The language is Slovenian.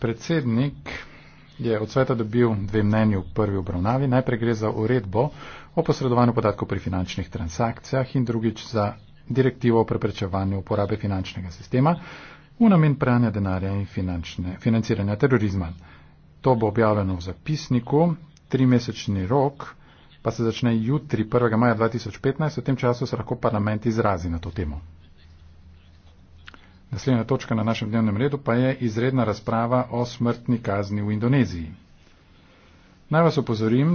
Predsednik je od sveta dobil dve mnenji v prvi obravnavi. Najprej gre za uredbo o posredovanju podatkov pri finančnih transakcijah in drugič za direktivo o preprečevanju uporabe finančnega sistema v namen pranja denarja in finančne, financiranja terorizma. To bo objavljeno v zapisniku, trimesečni rok pa se začne jutri 1. maja 2015, v tem času se lahko parlament izrazi na to temo. Naslednja točka na našem dnevnem redu pa je izredna razprava o smrtni kazni v Indoneziji. Naj vas opozorim,